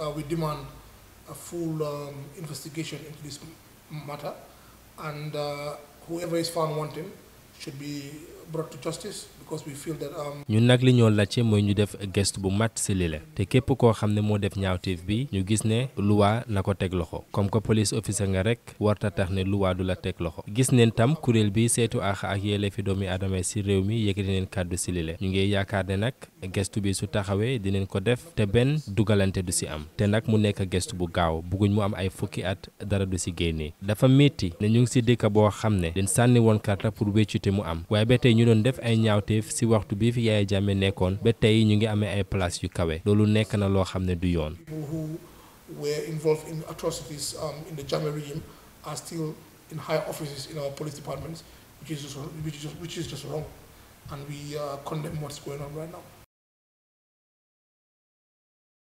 uh, we demand a full um, investigation into this matter and uh, whoever is found wanting should be brought to justice Um, ñu nag li ñoo laajte mooy ñu def gëstu bu mat si lile te képp koo xam ne moo def ñaawteef bi ñu gis ne luwaa na ko teg loxo comme que police officer nga rek warta tax ne luwaa du la teg loxo gis neen tam kuréel bi seetu àq ak yelleefi doomi aadama si réew mi yëkkati neen kàddu si lile ñu ngi yaakaar ne nag gestu bi su taxawee dinañ ko def te benn dugalante du si am te nag mu nekk gëstu bu gaaw bugguñ mu am ay fukki at dara du si génnee dafa métti ne ñu ngi si dëkk boo xam ne sànni woon karta pour wéccute mu am ñaawteef si waxtu bi fi Yaya Jammeh nekkoon ba tey ñu ngi amee ay place yu kawe loolu nekk na loo xam ne du yoon. were involved in atrocities um, in the Jammeh regime are still in high offices in our police departments, which is just, which is just, which is just wrong. And we uh, condemn what's going on right now.